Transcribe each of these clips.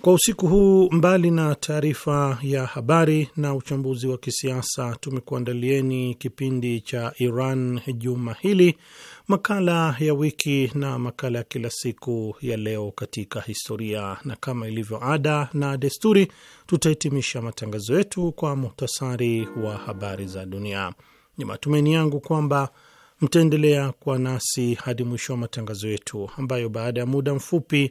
Kwa usiku huu, mbali na taarifa ya habari na uchambuzi wa kisiasa, tumekuandalieni kipindi cha Iran juma hili, makala ya wiki na makala ya kila siku ya leo katika historia, na kama ilivyo ada na desturi, tutahitimisha matangazo yetu kwa muhtasari wa habari za dunia. Ni matumaini yangu kwamba mtaendelea kuwa nasi hadi mwisho wa matangazo yetu ambayo baada ya muda mfupi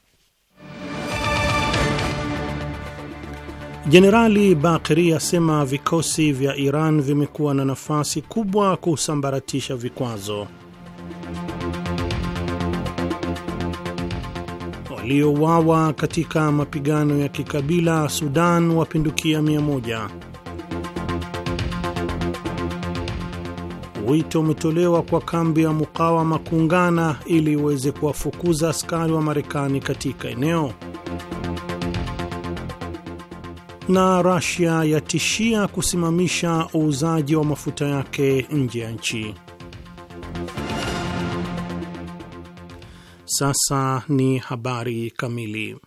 Jenerali bakri asema vikosi vya Iran vimekuwa na nafasi kubwa kusambaratisha vikwazo. waliowawa katika mapigano ya kikabila Sudan wapindukia mia moja. Wito umetolewa kwa kambi ya mukawama kuungana ili iweze kuwafukuza askari wa Marekani katika eneo na Russia yatishia kusimamisha uuzaji wa mafuta yake nje ya nchi. Sasa ni habari kamili.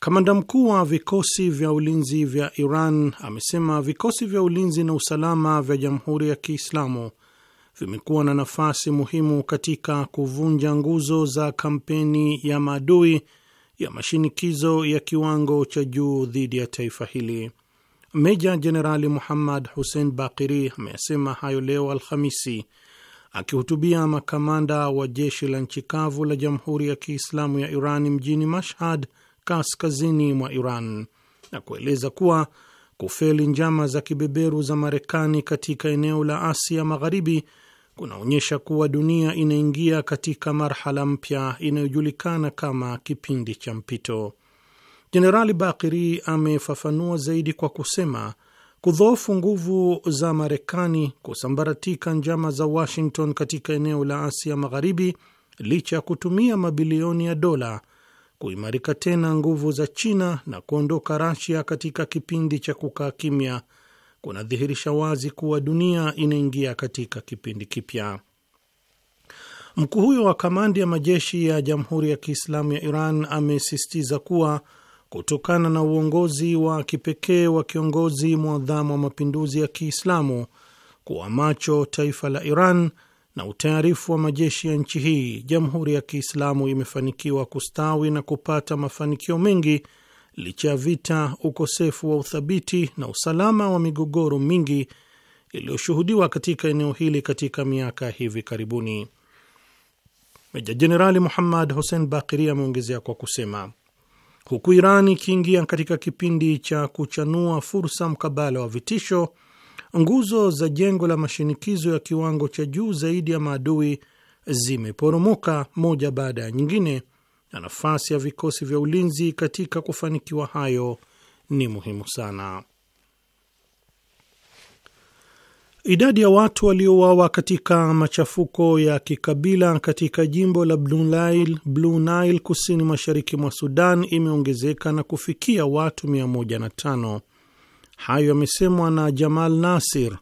Kamanda mkuu wa vikosi vya ulinzi vya Iran amesema vikosi vya ulinzi na usalama vya Jamhuri ya Kiislamu vimekuwa na nafasi muhimu katika kuvunja nguzo za kampeni ya maadui ya mashinikizo ya kiwango cha juu dhidi ya taifa hili. Meja Jenerali Muhammad Hussein Bakiri amesema hayo leo Alhamisi akihutubia makamanda wa jeshi la nchi kavu la Jamhuri ya Kiislamu ya Iran mjini Mashhad, kaskazini mwa Iran, na kueleza kuwa kufeli njama za kibeberu za Marekani katika eneo la Asia Magharibi kunaonyesha kuwa dunia inaingia katika marhala mpya inayojulikana kama kipindi cha mpito. Jenerali Bakiri amefafanua zaidi kwa kusema kudhoofu nguvu za Marekani, kusambaratika njama za Washington katika eneo la Asia Magharibi licha ya kutumia mabilioni ya dola, kuimarika tena nguvu za China na kuondoka Rasia katika kipindi cha kukaa kimya kunadhihirisha wazi kuwa dunia inaingia katika kipindi kipya. Mkuu huyo wa kamandi ya majeshi ya Jamhuri ya Kiislamu ya Iran amesisitiza kuwa kutokana na uongozi wa kipekee wa kiongozi mwadhamu wa mapinduzi ya Kiislamu kuwa macho taifa la Iran na utayarifu wa majeshi ya nchi hii, Jamhuri ya Kiislamu imefanikiwa kustawi na kupata mafanikio mengi licha ya vita, ukosefu wa uthabiti na usalama wa migogoro mingi iliyoshuhudiwa katika eneo hili katika miaka hivi karibuni. Meja Jenerali Muhammad Hussein Bakiri ameongezea kwa kusema, huku Iran ikiingia katika kipindi cha kuchanua fursa mkabala wa vitisho, nguzo za jengo la mashinikizo ya kiwango cha juu zaidi ya maadui zimeporomoka moja baada ya nyingine na nafasi ya vikosi vya ulinzi katika kufanikiwa hayo ni muhimu sana. Idadi ya watu waliouawa katika machafuko ya kikabila katika jimbo la Blue Nile, Blue Nile kusini mashariki mwa Sudan imeongezeka na kufikia watu 105. Hayo yamesemwa na Jamal Nasir,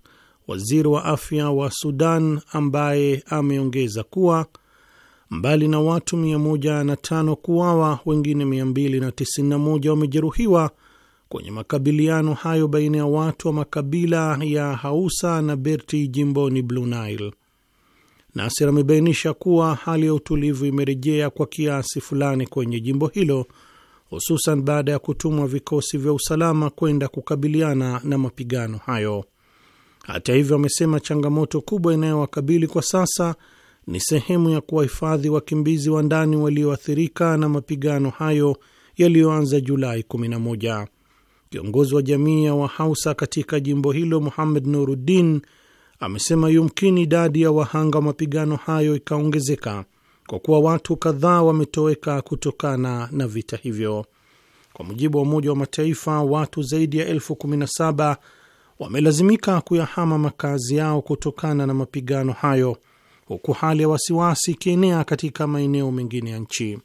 waziri wa afya wa Sudan, ambaye ameongeza kuwa mbali na watu 105 kuuawa, wengine 291 wamejeruhiwa kwenye makabiliano hayo baina ya watu wa makabila ya Hausa na Berti jimboni Blue Nile. Nasir amebainisha kuwa hali ya utulivu imerejea kwa kiasi fulani kwenye jimbo hilo, hususan baada ya kutumwa vikosi vya usalama kwenda kukabiliana na mapigano hayo. Hata hivyo, amesema changamoto kubwa inayowakabili kwa sasa ni sehemu ya kuwahifadhi wakimbizi wa ndani walioathirika na mapigano hayo yaliyoanza Julai 11. Kiongozi wa jamii ya Wahausa katika jimbo hilo Muhammad Nuruddin amesema yumkini idadi ya wahanga wa mapigano hayo ikaongezeka kwa kuwa watu kadhaa wametoweka kutokana na vita hivyo. Kwa mujibu wa Umoja wa Mataifa, watu zaidi ya elfu kumi na saba wamelazimika kuyahama makazi yao kutokana na mapigano hayo huku hali ya wasiwasi ikienea katika maeneo mengine ya nchi.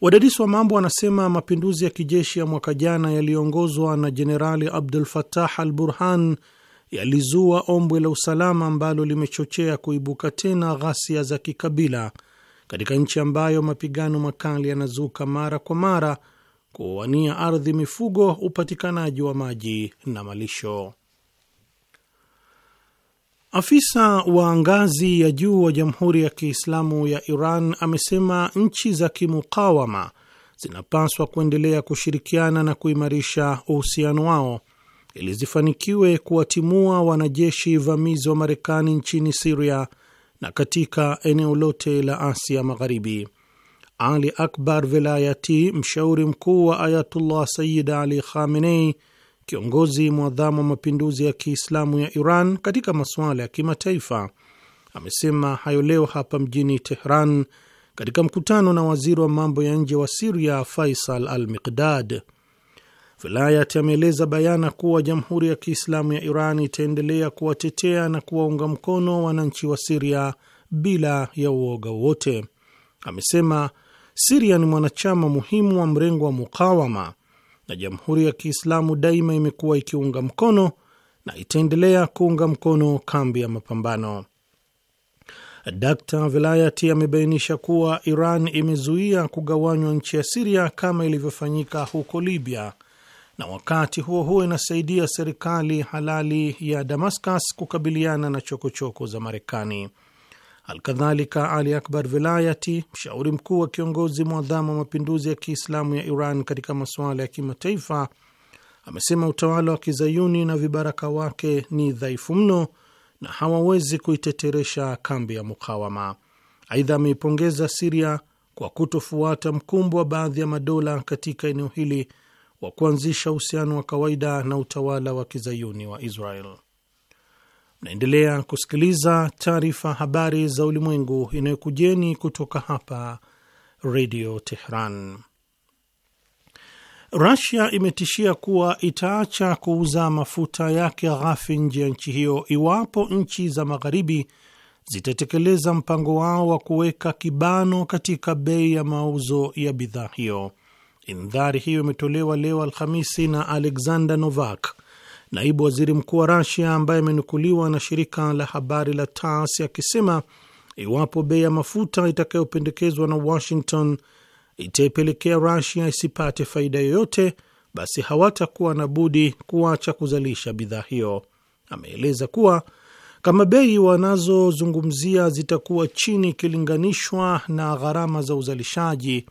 Wadadisi wa mambo wanasema mapinduzi ya kijeshi ya mwaka jana yaliyoongozwa na Jenerali Abdul fatah al Burhan yalizua ombwe la usalama ambalo limechochea kuibuka tena ghasia za kikabila katika nchi ambayo mapigano makali yanazuka mara kwa mara kuwania ardhi, mifugo, upatikanaji wa maji na malisho. Afisa wa ngazi ya juu wa Jamhuri ya Kiislamu ya Iran amesema nchi za kimukawama zinapaswa kuendelea kushirikiana na kuimarisha uhusiano wao ili zifanikiwe kuwatimua wanajeshi vamizi wa Marekani nchini Siria na katika eneo lote la Asia Magharibi. Ali Akbar Velayati, mshauri mkuu wa Ayatullah Sayyid Ali Khamenei kiongozi mwadhamu wa mapinduzi ya Kiislamu ya Iran katika masuala ya kimataifa, amesema hayo leo hapa mjini Tehran katika mkutano na waziri wa mambo ya nje wa Siria Faisal al-Miqdad. Vilayat ameeleza bayana kuwa Jamhuri ya Kiislamu ya Iran itaendelea kuwatetea na kuwaunga mkono wananchi wa Siria bila ya uoga wote. Amesema Siria ni mwanachama muhimu wa mrengo wa mukawama na Jamhuri ya Kiislamu daima imekuwa ikiunga mkono na itaendelea kuunga mkono kambi ya mapambano. Dr Velayati amebainisha kuwa Iran imezuia kugawanywa nchi ya Siria kama ilivyofanyika huko Libya, na wakati huo huo inasaidia serikali halali ya Damascus kukabiliana na chokochoko choko za Marekani. Alkadhalika, Ali Akbar Vilayati, mshauri mkuu wa kiongozi mwadhamu wa mapinduzi ya Kiislamu ya Iran katika masuala ya kimataifa, amesema utawala wa kizayuni na vibaraka wake ni dhaifu mno na hawawezi kuiteteresha kambi ya mukawama. Aidha, ameipongeza Siria kwa kutofuata mkumbo wa baadhi ya madola katika eneo hili wa kuanzisha uhusiano wa kawaida na utawala wa kizayuni wa Israel. Naendelea kusikiliza taarifa habari za ulimwengu inayokujeni kutoka hapa Redio Tehran. Rusia imetishia kuwa itaacha kuuza mafuta yake ghafi nje ya nchi hiyo iwapo nchi za magharibi zitatekeleza mpango wao wa kuweka kibano katika bei ya mauzo ya bidhaa hiyo. Indhari hiyo imetolewa leo Alhamisi na Alexander Novak, naibu waziri mkuu wa Rasia ambaye amenukuliwa na shirika la habari la TAS akisema iwapo bei ya mafuta itakayopendekezwa na Washington itaipelekea Rasia isipate faida yoyote, basi hawatakuwa na budi kuacha kuzalisha bidhaa hiyo. Ameeleza kuwa kama bei wanazozungumzia zitakuwa chini ikilinganishwa na gharama za uzalishaji,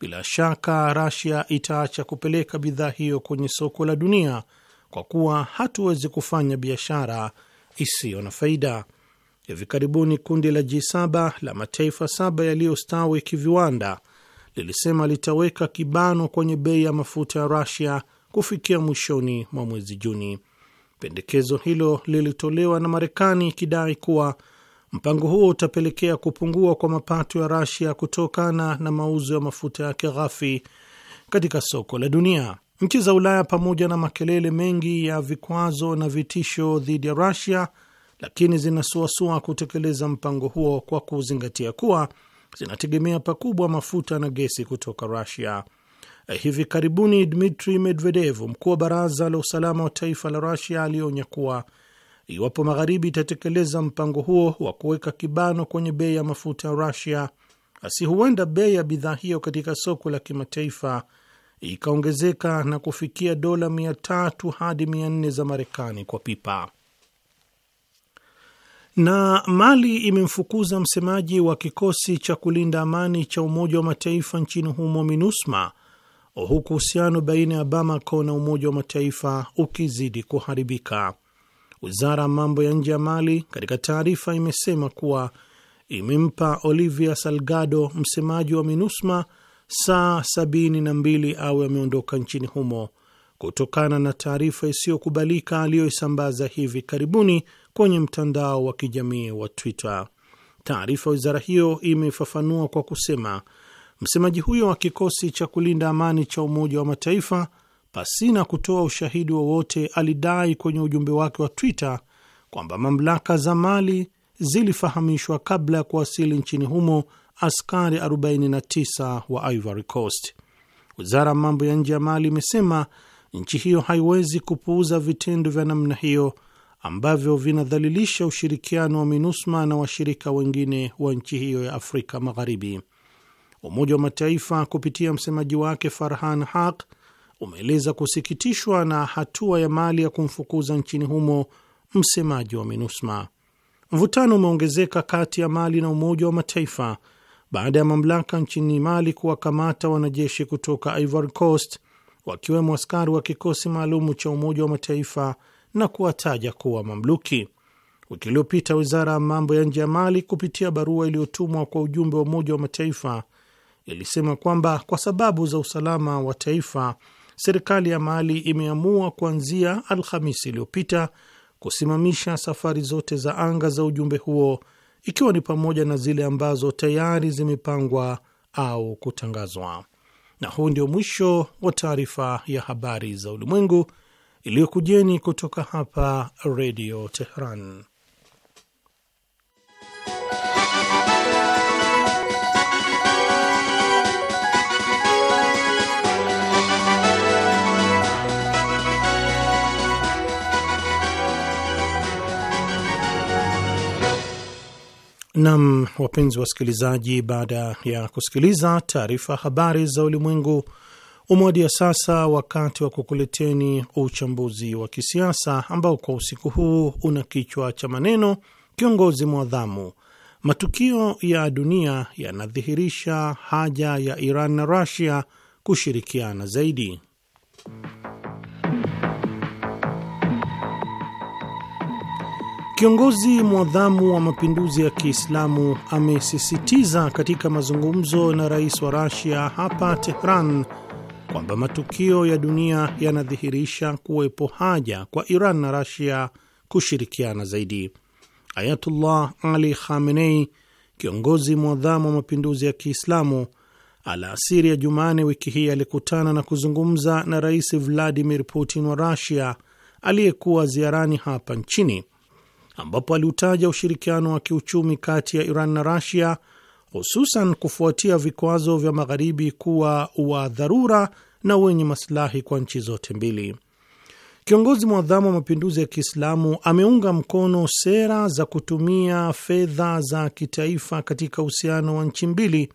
bila shaka Rasia itaacha kupeleka bidhaa hiyo kwenye soko la dunia kwa kuwa hatuwezi kufanya biashara isiyo na faida. Hivi karibuni kundi la G7 la mataifa saba yaliyostawi kiviwanda lilisema litaweka kibano kwenye bei ya mafuta ya Rusia kufikia mwishoni mwa mwezi Juni. Pendekezo hilo lilitolewa na Marekani ikidai kuwa mpango huo utapelekea kupungua kwa mapato ya Rusia kutokana na mauzo ya mafuta yake ghafi katika soko la dunia. Nchi za Ulaya pamoja na makelele mengi ya vikwazo na vitisho dhidi ya Rusia, lakini zinasuasua kutekeleza mpango huo kwa kuzingatia kuwa zinategemea pakubwa mafuta na gesi kutoka Rusia. Hivi karibuni Dmitri Medvedev, mkuu wa baraza la usalama wa taifa la Rusia, alionya kuwa iwapo magharibi itatekeleza mpango huo wa kuweka kibano kwenye bei ya mafuta ya Rusia, basi huenda bei ya bidhaa hiyo katika soko la kimataifa ikaongezeka na kufikia dola mia tatu hadi mia nne za Marekani kwa pipa. Na Mali imemfukuza msemaji wa kikosi cha kulinda amani cha Umoja wa Mataifa nchini humo MINUSMA, huku uhusiano baina ya Bamako na Umoja wa Mataifa ukizidi kuharibika. Wizara ya mambo ya nje ya Mali katika taarifa imesema kuwa imempa Olivia Salgado, msemaji wa MINUSMA, saa mbili awe ameondoka nchini humo kutokana na taarifa isiyokubalika aliyoisambaza hivi karibuni kwenye mtandao wa kijamii wa Twitter. Taarifa ya wizara hiyo imefafanua kwa kusema msemaji huyo wa kikosi cha kulinda amani cha Umoja wa Mataifa, pasina kutoa ushahidi wowote, alidai kwenye ujumbe wake wa Twitter kwamba mamlaka za Mali zilifahamishwa kabla ya kuwasili nchini humo askari 49 wa Ivory Coast. Wizara ya mambo ya nje ya Mali imesema nchi hiyo haiwezi kupuuza vitendo vya namna hiyo ambavyo vinadhalilisha ushirikiano wa MINUSMA na washirika wengine wa nchi hiyo ya Afrika Magharibi. Umoja wa Mataifa kupitia msemaji wake Farhan Haq umeeleza kusikitishwa na hatua ya Mali ya kumfukuza nchini humo msemaji wa MINUSMA. Mvutano umeongezeka kati ya Mali na Umoja wa Mataifa baada ya mamlaka nchini Mali kuwakamata wanajeshi kutoka Ivory Coast wakiwemo askari wa kikosi maalumu cha Umoja wa Mataifa na kuwataja kuwa mamluki. Wiki iliyopita wizara ya mambo ya nje ya Mali kupitia barua iliyotumwa kwa ujumbe wa Umoja wa Mataifa ilisema kwamba kwa sababu za usalama wa taifa, serikali ya Mali imeamua kuanzia Alhamisi iliyopita kusimamisha safari zote za anga za ujumbe huo ikiwa ni pamoja na zile ambazo tayari zimepangwa au kutangazwa. Na huu ndio mwisho wa taarifa ya habari za ulimwengu iliyokujeni kutoka hapa Redio Teheran. Nam, wapenzi wasikilizaji, baada ya kusikiliza taarifa habari za ulimwengu, umewadia sasa wakati wa kukuleteni uchambuzi wa kisiasa ambao kwa usiku huu una kichwa cha maneno kiongozi mwadhamu, matukio ya dunia yanadhihirisha haja ya Iran na rusia kushirikiana zaidi. Kiongozi mwadhamu wa mapinduzi ya Kiislamu amesisitiza katika mazungumzo na rais wa Rasia hapa Tehran kwamba matukio ya dunia yanadhihirisha kuwepo haja kwa Iran na Rasia kushirikiana zaidi. Ayatullah Ali Khamenei, kiongozi mwadhamu wa mapinduzi ya Kiislamu, alasiri ya Jumane wiki hii alikutana na kuzungumza na Rais Vladimir Putin wa Rasia aliyekuwa ziarani hapa nchini ambapo aliutaja ushirikiano wa kiuchumi kati ya Iran na Rasia, hususan kufuatia vikwazo vya Magharibi, kuwa wa dharura na wenye masilahi kwa nchi zote mbili. Kiongozi mwadhamu wa mapinduzi ya Kiislamu ameunga mkono sera za kutumia fedha za kitaifa katika uhusiano wa nchi mbili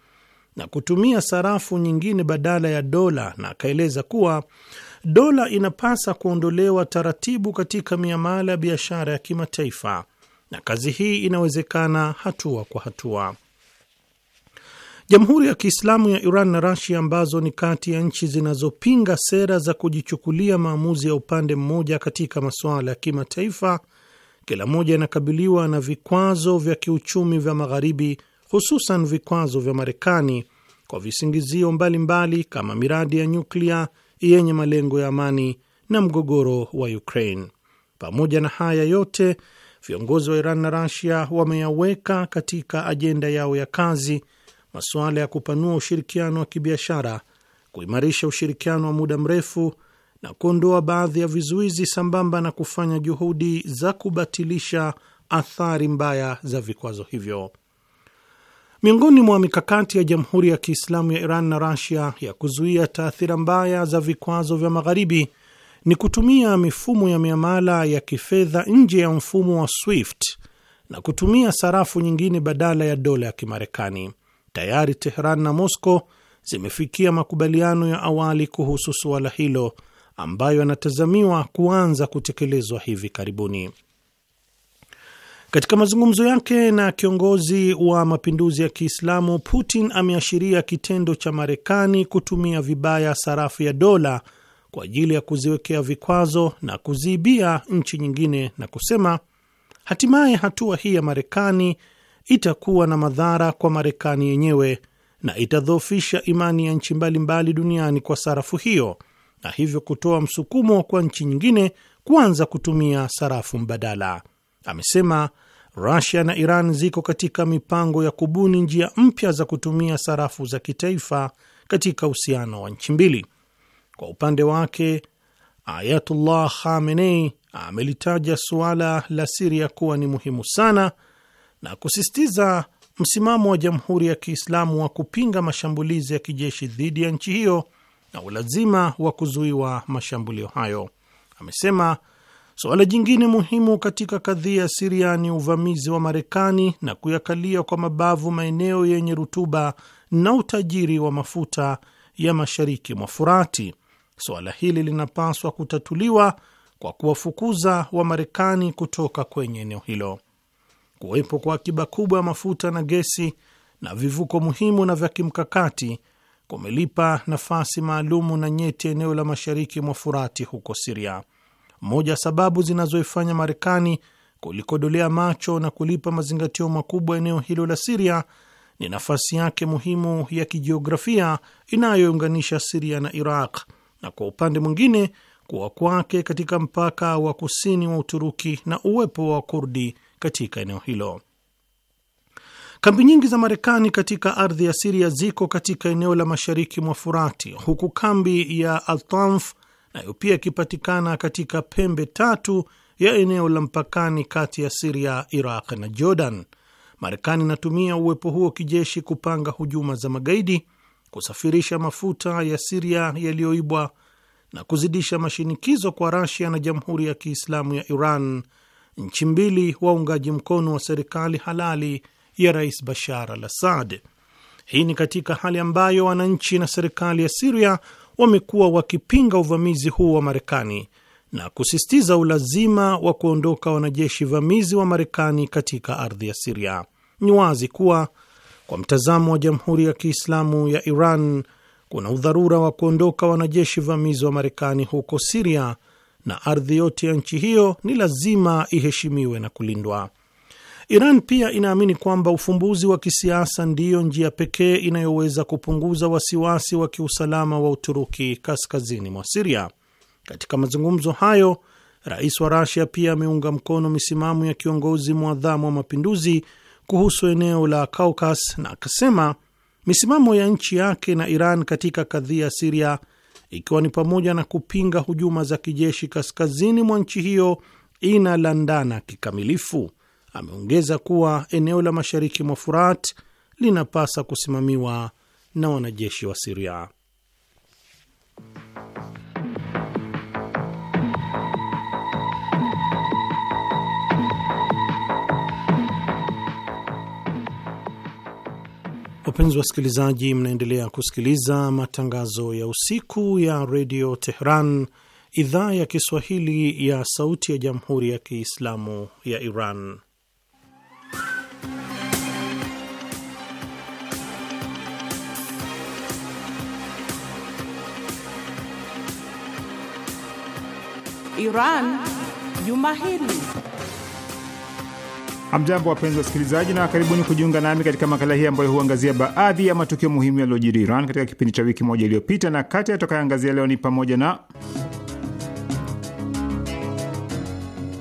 na kutumia sarafu nyingine badala ya dola, na akaeleza kuwa dola inapasa kuondolewa taratibu katika miamala ya biashara ya kimataifa, na kazi hii inawezekana hatua kwa hatua. Jamhuri ya Kiislamu ya Iran na Rasia, ambazo ni kati ya nchi zinazopinga sera za kujichukulia maamuzi ya upande mmoja katika masuala ya kimataifa, kila moja inakabiliwa na vikwazo vya kiuchumi vya Magharibi, hususan vikwazo vya Marekani kwa visingizio mbalimbali mbali, kama miradi ya nyuklia yenye malengo ya amani na mgogoro wa Ukraine. Pamoja na haya yote, viongozi wa Iran na Rasia wameyaweka katika ajenda yao ya kazi masuala ya kupanua ushirikiano wa kibiashara, kuimarisha ushirikiano wa muda mrefu na kuondoa baadhi ya vizuizi, sambamba na kufanya juhudi za kubatilisha athari mbaya za vikwazo hivyo. Miongoni mwa mikakati ya Jamhuri ya Kiislamu ya Iran na rasia ya kuzuia taathira mbaya za vikwazo vya Magharibi ni kutumia mifumo ya miamala ya kifedha nje ya mfumo wa SWIFT na kutumia sarafu nyingine badala ya dola ya Kimarekani. Tayari Tehran na Moscow zimefikia makubaliano ya awali kuhusu suala hilo ambayo yanatazamiwa kuanza kutekelezwa hivi karibuni. Katika mazungumzo yake na kiongozi wa mapinduzi ya Kiislamu, Putin ameashiria kitendo cha Marekani kutumia vibaya sarafu ya dola kwa ajili ya kuziwekea vikwazo na kuziibia nchi nyingine na kusema hatimaye hatua hii ya Marekani itakuwa na madhara kwa Marekani yenyewe na itadhoofisha imani ya nchi mbalimbali duniani kwa sarafu hiyo na hivyo kutoa msukumo kwa nchi nyingine kuanza kutumia sarafu mbadala. Amesema Rusia na Iran ziko katika mipango ya kubuni njia mpya za kutumia sarafu za kitaifa katika uhusiano wa nchi mbili. Kwa upande wake, Ayatullah Khamenei amelitaja suala la Siria kuwa ni muhimu sana na kusisitiza msimamo wa Jamhuri ya Kiislamu wa kupinga mashambulizi ya kijeshi dhidi ya nchi hiyo na ulazima wa kuzuiwa mashambulio hayo. Amesema Suala jingine muhimu katika kadhia ya Siria ni uvamizi wa Marekani na kuyakalia kwa mabavu maeneo yenye rutuba na utajiri wa mafuta ya mashariki mwa Furati. Suala hili linapaswa kutatuliwa kwa kuwafukuza wa marekani kutoka kwenye eneo hilo. Kuwepo kwa akiba kubwa ya mafuta na gesi na vivuko muhimu na vya kimkakati kumelipa nafasi maalumu na nyeti eneo la mashariki mwa Furati huko Siria. Moja sababu zinazoifanya Marekani kulikodolea macho na kulipa mazingatio makubwa eneo hilo la Siria ni nafasi yake muhimu ya kijiografia inayounganisha Siria na Iraq, na kwa upande mwingine kuwa kwake katika mpaka wa kusini wa Uturuki na uwepo wa Kurdi katika eneo hilo. Kambi nyingi za Marekani katika ardhi ya Siria ziko katika eneo la mashariki mwa Furati, huku kambi ya Altanf nayo pia ikipatikana katika pembe tatu ya eneo la mpakani kati ya Siria, Iraq na Jordan. Marekani inatumia uwepo huo kijeshi kupanga hujuma za magaidi, kusafirisha mafuta ya Siria yaliyoibwa na kuzidisha mashinikizo kwa Rasia na Jamhuri ya Kiislamu ya Iran, nchi mbili waungaji mkono wa serikali halali ya Rais Bashar al Assad. Hii ni katika hali ambayo wananchi na serikali ya Siria wamekuwa wakipinga uvamizi huu wa Marekani na kusisitiza ulazima wa kuondoka wanajeshi vamizi wa Marekani katika ardhi ya Siria. Ni wazi kuwa kwa mtazamo wa Jamhuri ya Kiislamu ya Iran kuna udharura wa kuondoka wanajeshi vamizi wa Marekani huko Siria na ardhi yote ya nchi hiyo ni lazima iheshimiwe na kulindwa. Iran pia inaamini kwamba ufumbuzi wa kisiasa ndiyo njia pekee inayoweza kupunguza wasiwasi wa kiusalama wa Uturuki kaskazini mwa Siria. Katika mazungumzo hayo, rais wa Rasia pia ameunga mkono misimamo ya kiongozi mwadhamu wa mapinduzi kuhusu eneo la Kaukas na akasema misimamo ya nchi yake na Iran katika kadhia ya Siria, ikiwa ni pamoja na kupinga hujuma za kijeshi kaskazini mwa nchi hiyo, inalandana kikamilifu. Ameongeza kuwa eneo la mashariki mwa Furat linapasa kusimamiwa na wanajeshi wa Siria. Wapenzi wasikilizaji, mnaendelea kusikiliza matangazo ya usiku ya redio Tehran, idhaa ya Kiswahili ya sauti ya jamhuri ya Kiislamu ya Iran. Iran juma hili. Hamjambo, wapenzi wasikilizaji, na karibuni kujiunga nami katika makala hii ambayo huangazia baadhi ya matukio muhimu yaliyojiri Iran katika kipindi cha wiki moja iliyopita, na kati yatakayoangazia leo ni pamoja na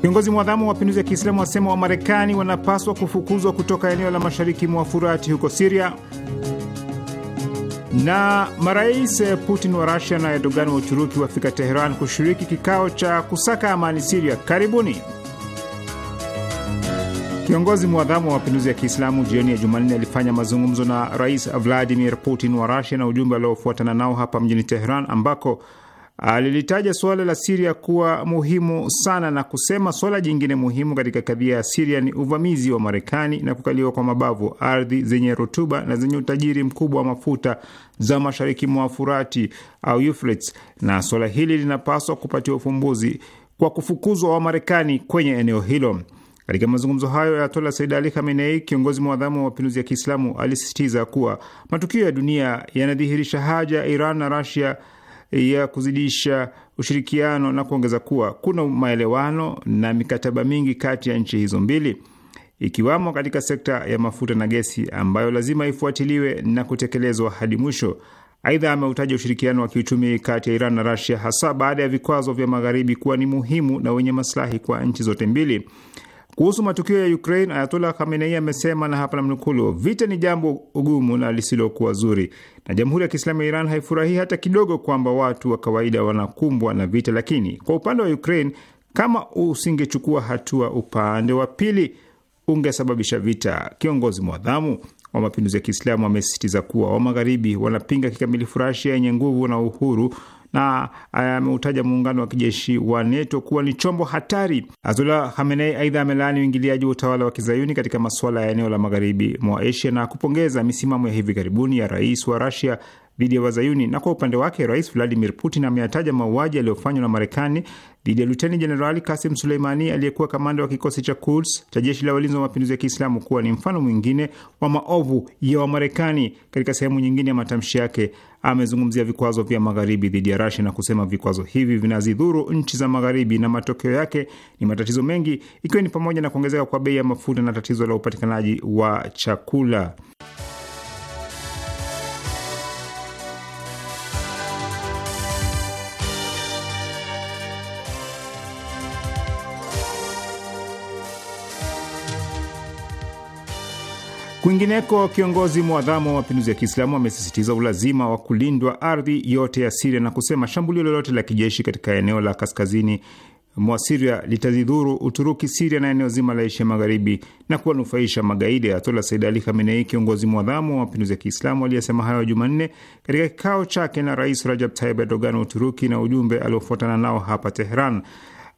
Kiongozi mwadhamu wa mapinduzi ya Kiislamu wasema Wamarekani wanapaswa kufukuzwa kutoka eneo la mashariki mwa Furati huko Siria na marais eh, Putin wa Rusia na Erdogan wa Uturuki wafika Teheran kushiriki kikao cha kusaka amani Siria. Karibuni. Kiongozi mwadhamu wa mapinduzi ya Kiislamu jioni ya Jumanne alifanya mazungumzo na rais Vladimir Putin wa Rusia na ujumbe aliofuatana nao hapa mjini Teheran, ambako Alilitaja suala la Siria kuwa muhimu sana na kusema suala jingine muhimu katika kadhia ya Siria ni uvamizi wa Marekani na kukaliwa kwa mabavu ardhi zenye rutuba na zenye utajiri mkubwa wa mafuta za mashariki mwa Furati au Euphrates, na suala hili linapaswa kupatiwa ufumbuzi kwa kufukuzwa wa marekani kwenye eneo hilo. Katika mazungumzo hayo Ayatollah Said Ali Khamenei, kiongozi mwadhamu wa mapinduzi ya Kiislamu, alisisitiza kuwa matukio ya dunia yanadhihirisha haja ya Iran na Rasia ya kuzidisha ushirikiano na kuongeza kuwa kuna maelewano na mikataba mingi kati ya nchi hizo mbili ikiwamo katika sekta ya mafuta na gesi ambayo lazima ifuatiliwe na kutekelezwa hadi mwisho. Aidha, ameutaja ushirikiano wa kiuchumi kati ya Iran na Rasia hasa baada ya vikwazo vya magharibi kuwa ni muhimu na wenye maslahi kwa nchi zote mbili. Kuhusu matukio ya Ukraine, Ayatollah Khamenei amesema, na hapa namnukulu, vita ni jambo ugumu na lisilokuwa zuri, na Jamhuri ya Kiislamu ya Iran haifurahii hata kidogo kwamba watu wa kawaida wanakumbwa na vita, lakini kwa upande wa Ukraine, kama usingechukua hatua upande wa pili ungesababisha vita. Kiongozi mwadhamu wa mapinduzi ya Kiislamu amesisitiza kuwa wa magharibi wanapinga kikamilifu Rasia yenye nguvu na uhuru na ameutaja muungano wa kijeshi wa NATO kuwa ni chombo hatari. Azula hamenei aidha amelaani uingiliaji wa utawala wa kizayuni katika masuala ya eneo la magharibi mwa Asia na kupongeza misimamo ya hivi karibuni ya rais wa Rasia dhidi ya Wazayuni. Na kwa upande wake, Rais Vladimir Putin ameyataja mauaji yaliyofanywa na Marekani dhidi ya Luteni Jenerali Kasim Suleimani aliyekuwa kamanda wa kikosi cha Quds cha jeshi la walinzi wa mapinduzi ya Kiislamu kuwa ni mfano mwingine wa maovu ya Wamarekani. Katika sehemu nyingine ya matamshi yake, amezungumzia vikwazo vya Magharibi dhidi ya Rasia na kusema vikwazo hivi vinazidhuru nchi za Magharibi na matokeo yake ni matatizo mengi, ikiwa ni pamoja na kuongezeka kwa bei ya mafuta na tatizo la upatikanaji wa chakula. Kwingineko, kiongozi mwadhamu wa mapinduzi ya Kiislamu amesisitiza ulazima wa kulindwa ardhi yote ya Siria na kusema shambulio lolote la kijeshi katika eneo la kaskazini mwa Siria litazidhuru Uturuki, Siria na eneo zima la Asia Magharibi na kuwanufaisha magaidi. Ayatollah Said Ali Khamenei, kiongozi mwadhamu wa mapinduzi ya Kiislamu, aliyesema hayo Jumanne katika kikao chake na Rais Rajab Tayyip Erdogan wa Uturuki na ujumbe aliofuatana nao hapa Tehran.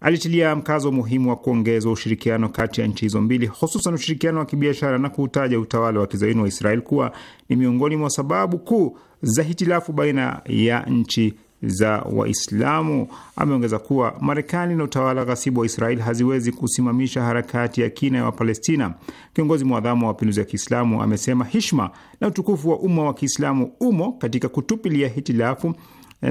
Alitilia mkazo muhimu wa kuongezwa ushirikiano kati ya nchi hizo mbili, hususan ushirikiano wa kibiashara na kuutaja utawala wa kizaini wa Israel kuwa ni miongoni mwa sababu kuu za hitilafu baina ya nchi za Waislamu. Ameongeza kuwa Marekani na utawala ghasibu wa Israel haziwezi kusimamisha harakati ya kina ya Wapalestina. Kiongozi mwadhamu wa mapinduzi ya Kiislamu amesema hishma na utukufu wa umma wa Kiislamu umo katika kutupilia hitilafu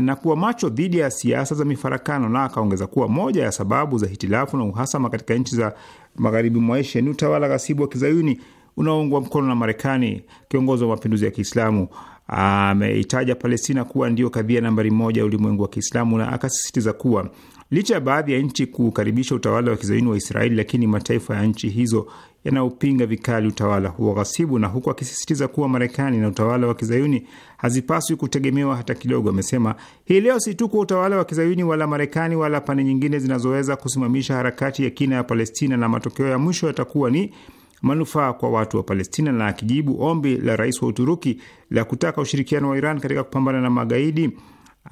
na kuwa macho dhidi ya siasa za mifarakano, na akaongeza kuwa moja ya sababu za hitilafu na uhasama katika nchi za magharibi mwa Asia ni utawala ghasibu wa kizayuni unaoungwa mkono na Marekani. Kiongozi wa mapinduzi ya Kiislamu ameitaja Palestina kuwa ndio kadhia nambari moja ya ulimwengu wa Kiislamu na akasisitiza kuwa Licha ya baadhi ya nchi kukaribisha utawala wa kizaini wa Israeli, lakini mataifa ya nchi hizo yanaopinga vikali utawala huo ghasibu na huku akisisitiza kuwa Marekani na utawala wa kizayuni hazipaswi kutegemewa hata kidogo. Amesema hii leo si tu kwa utawala wa kizayuni wala Marekani wala pande nyingine zinazoweza kusimamisha harakati ya kina ya Palestina, na matokeo ya mwisho yatakuwa ni manufaa kwa watu wa Palestina. Na akijibu ombi la rais wa Uturuki la kutaka ushirikiano wa Iran katika kupambana na magaidi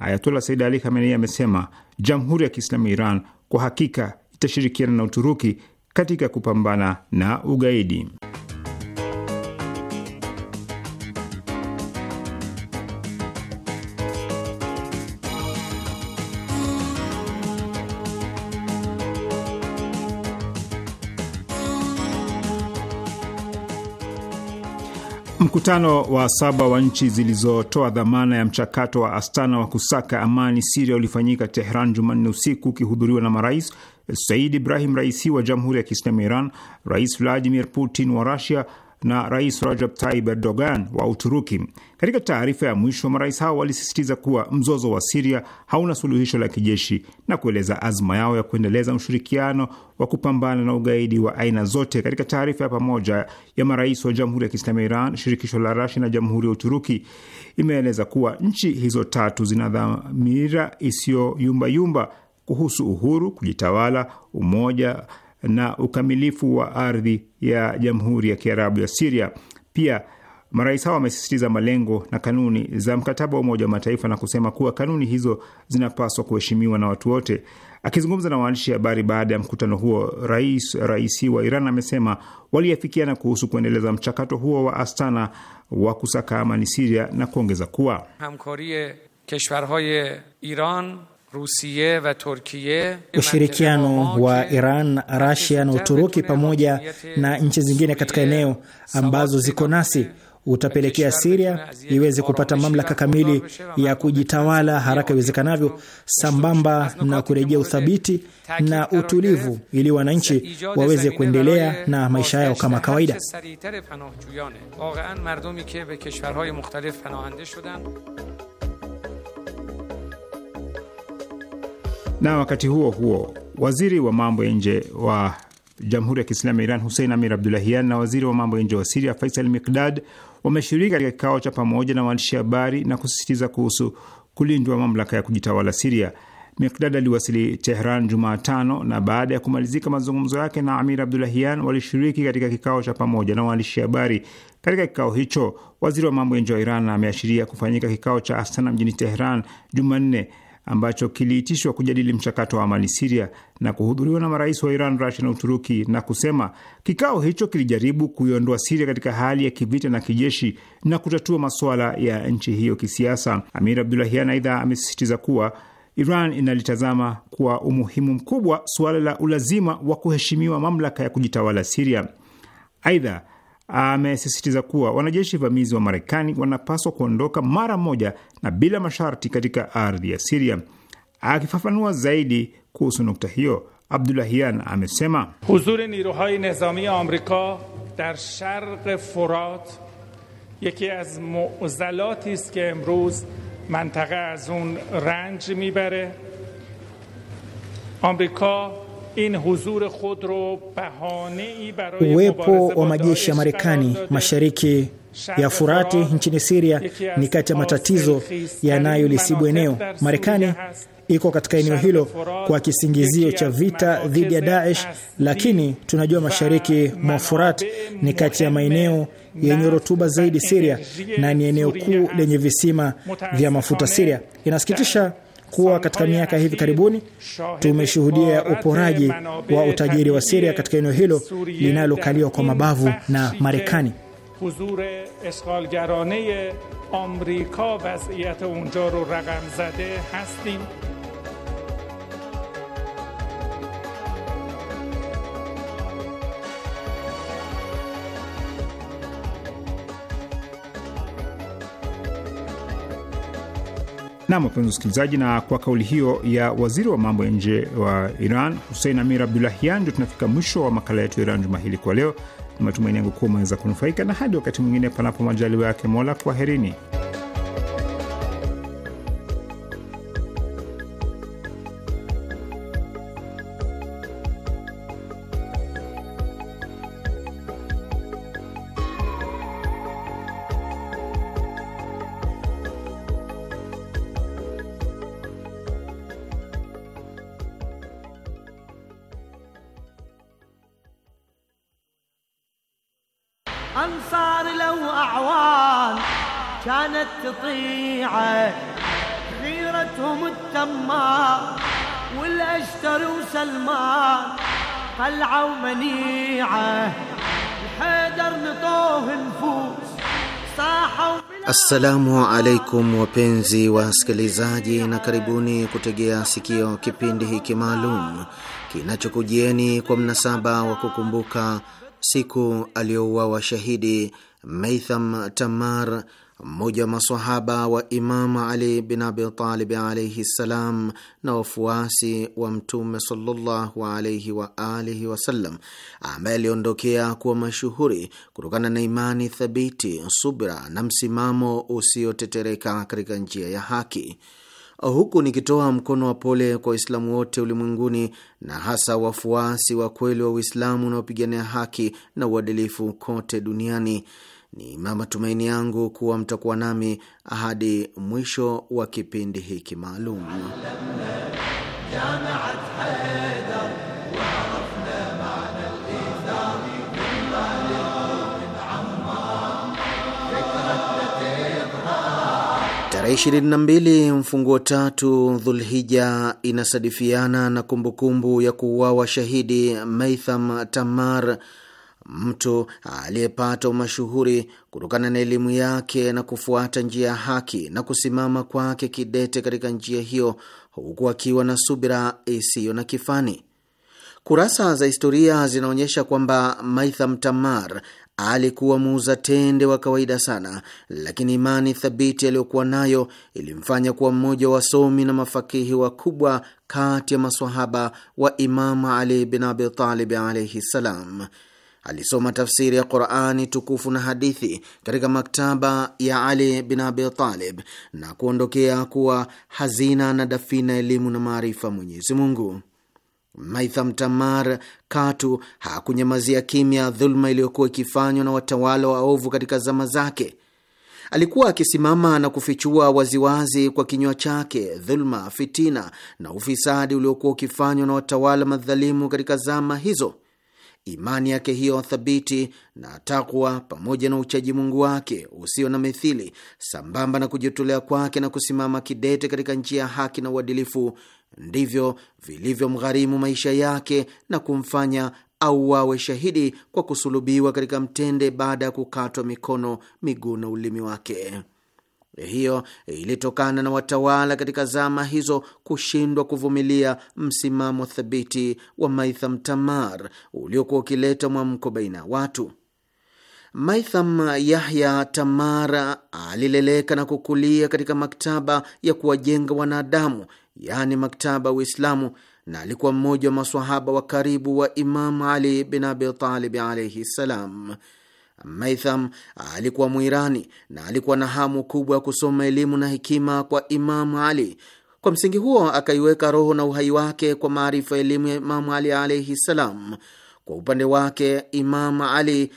Ayatola Said Ali Khamenei amesema jamhuri ya Kiislamu ya Iran kwa hakika itashirikiana na Uturuki katika kupambana na ugaidi. Mkutano wa saba wa nchi zilizotoa dhamana ya mchakato wa Astana wa kusaka amani Siria ulifanyika Tehran Jumanne usiku ukihudhuriwa na marais Said Ibrahim Raisi wa Jamhuri ya Kiislamu ya Iran, Rais Vladimir Putin wa Rusia na rais Rajab Tayyip Erdogan wa Uturuki. Katika taarifa ya mwisho, marais hao walisisitiza kuwa mzozo wa Siria hauna suluhisho la kijeshi na kueleza azma yao ya kuendeleza ushirikiano wa kupambana na ugaidi wa aina zote. Katika taarifa ya pamoja ya marais wa Jamhuri ya Kiislamu ya Iran, shirikisho la Rasia na Jamhuri ya Uturuki imeeleza kuwa nchi hizo tatu zina dhamira isiyoyumbayumba kuhusu uhuru, kujitawala, umoja na ukamilifu wa ardhi ya Jamhuri ya Kiarabu ya Siria. Pia marais hao wamesisitiza malengo na kanuni za mkataba wa Umoja wa Mataifa na kusema kuwa kanuni hizo zinapaswa kuheshimiwa na watu wote. Akizungumza na waandishi habari baada ya mkutano huo, rais raisi wa Iran amesema waliafikiana kuhusu kuendeleza mchakato huo wa Astana wa kusaka amani Siria na kuongeza kuwa Iran ushirikiano wa Iran, Rasia na Uturuki pamoja na nchi zingine katika eneo ambazo ziko nasi utapelekea Siria iweze kupata mamlaka kamili ya kujitawala haraka iwezekanavyo, sambamba na kurejea uthabiti na utulivu, ili wananchi waweze kuendelea na maisha yao kama kawaida. Na wakati huo huo, waziri wa mambo ya nje wa Jamhuri ya Kiislamu ya Iran Husein Amir Abdulahian na waziri wa mambo ya nje wa Siria Faisal Mikdad wameshiriki katika kikao cha pamoja na waandishi habari na kusisitiza kuhusu kulindwa mamlaka ya kujitawala Siria. Mikdad aliwasili Tehran Jumatano na baada ya kumalizika mazungumzo yake na Amir Abdulahian walishiriki katika kikao cha pamoja na waandishi habari. Katika kikao hicho, waziri wa mambo ya nje wa Iran ameashiria kufanyika kikao cha Astana mjini Tehran Jumanne ambacho kiliitishwa kujadili mchakato wa amani Siria na kuhudhuriwa na marais wa Iran, Rusia na Uturuki, na kusema kikao hicho kilijaribu kuiondoa Siria katika hali ya kivita na kijeshi na kutatua masuala ya nchi hiyo kisiasa. Amir Abdulahian aidha amesisitiza kuwa Iran inalitazama kwa umuhimu mkubwa suala la ulazima wa kuheshimiwa mamlaka ya kujitawala Siria. Aidha amesisitiza kuwa wanajeshi vamizi wa Marekani wanapaswa kuondoka mara moja na bila masharti katika ardhi ya Siria. Akifafanua zaidi kuhusu nukta hiyo, Abdulahian amesema huzuri nirohai nizami Amerika dar sharq Furat yeki az muzalati ist ke emruz mantagha az un ranj mibare Amerika Uwepo wa majeshi ya Marekani mashariki ya Furati nchini Siria ni kati ya matatizo yanayolisibu eneo. Marekani iko katika eneo hilo kwa kisingizio cha vita dhidi ya Daesh, lakini tunajua mashariki mwa Furat ni kati ya maeneo yenye rutuba zaidi Siria na ni eneo kuu lenye visima vya mafuta Siria. Inasikitisha kuwa katika miaka hivi karibuni tumeshuhudia uporaji wa utajiri wa Siria katika eneo hilo linalokaliwa kwa mabavu na Marekani. Nam, wapenzi usikilizaji, na kwa kauli hiyo ya waziri wa mambo ya nje wa Iran Hussein Amir Abdulahian, ndio tunafika mwisho wa makala yetu ya Iran juma hili kwa leo. Matumaini yangu kuwa umeweza kunufaika, na hadi wakati mwingine, panapo majaliwa yake Mola, kwaherini. Assalamu alaikum wapenzi wa wasikilizaji, na karibuni kutegea sikio kipindi hiki maalum kinachokujieni kwa mnasaba wa kukumbuka siku aliyouawa shahidi Maitham Tamar mmoja wa masahaba wa Imamu Ali bin Abitalib alaihi ssalam na wafuasi wa Mtume sallallahu alaihi wa alihi wasallam, ambaye aliondokea kuwa mashuhuri kutokana na imani thabiti, subra na msimamo usiotetereka katika njia ya haki, huku nikitoa mkono wa pole kwa Waislamu wote ulimwenguni na hasa wafuasi wa kweli wa Uislamu unaopigania haki na uadilifu kote duniani ni matumaini yangu kuwa mtakuwa nami hadi mwisho wa kipindi hiki maalum. Tarehe 22 mfunguo tatu Dhulhija inasadifiana na kumbukumbu ya kuuawa shahidi Maitham Tamar Mtu aliyepata umashuhuri kutokana na elimu yake na kufuata njia ya haki na kusimama kwake kidete katika njia hiyo, huku akiwa na subira isiyo na kifani. Kurasa za historia zinaonyesha kwamba Maitham Tamar alikuwa muuza tende wa kawaida sana, lakini imani thabiti aliyokuwa nayo ilimfanya kuwa mmoja wa wasomi na mafakihi wakubwa kati ya maswahaba wa Imamu Ali bin Abi Talib alaihi ssalam. Alisoma tafsiri ya Qurani tukufu na hadithi katika maktaba ya Ali bin Abi Talib na kuondokea kuwa hazina na dafina elimu na maarifa Mwenyezi Mungu. Maitham Tamar katu hakunyamazia kimya dhuluma iliyokuwa ikifanywa na watawala waovu katika zama zake. Alikuwa akisimama na kufichua waziwazi kwa kinywa chake dhuluma, fitina na ufisadi uliokuwa ukifanywa na watawala madhalimu katika zama hizo. Imani yake hiyo thabiti na takwa pamoja na uchaji Mungu wake usio na mithili, sambamba na kujitolea kwake na kusimama kidete katika njia ya haki na uadilifu, ndivyo vilivyomgharimu maisha yake na kumfanya au wawe shahidi kwa kusulubiwa katika mtende baada ya kukatwa mikono, miguu na ulimi wake. Eh, hiyo eh, ilitokana na watawala katika zama hizo kushindwa kuvumilia msimamo thabiti wa Maitham Tamar uliokuwa ukileta mwamko baina ya watu. Maitham Yahya Tamar alileleka na kukulia katika maktaba ya kuwajenga wanadamu, yaani maktaba wa Uislamu, na alikuwa mmoja wa maswahaba wa karibu wa Imamu Ali bin Abi Talib alaihi ssalam. Maitham alikuwa Mwirani na alikuwa na hamu kubwa ya kusoma elimu na hekima kwa Imamu Ali. Kwa msingi huo akaiweka roho na uhai wake kwa maarifa ya elimu ya Imamu Ali alaihi ssalam. Kwa upande wake, Imamu Ali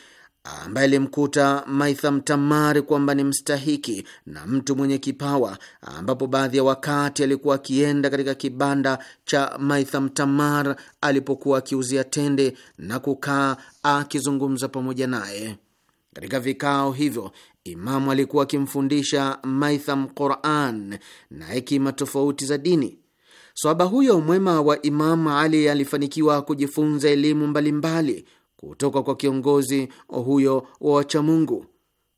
ambaye alimkuta Maitham Tamari kwamba ni mstahiki na mtu mwenye kipawa, ambapo baadhi ya wakati alikuwa akienda katika kibanda cha Maitham Tamar alipokuwa akiuzia tende na kukaa akizungumza pamoja naye. Katika vikao hivyo Imamu alikuwa akimfundisha Maitham Quran na hekima tofauti za dini. Swaba huyo mwema wa Imamu Ali alifanikiwa kujifunza elimu mbalimbali kutoka kwa kiongozi huyo wa wachamungu.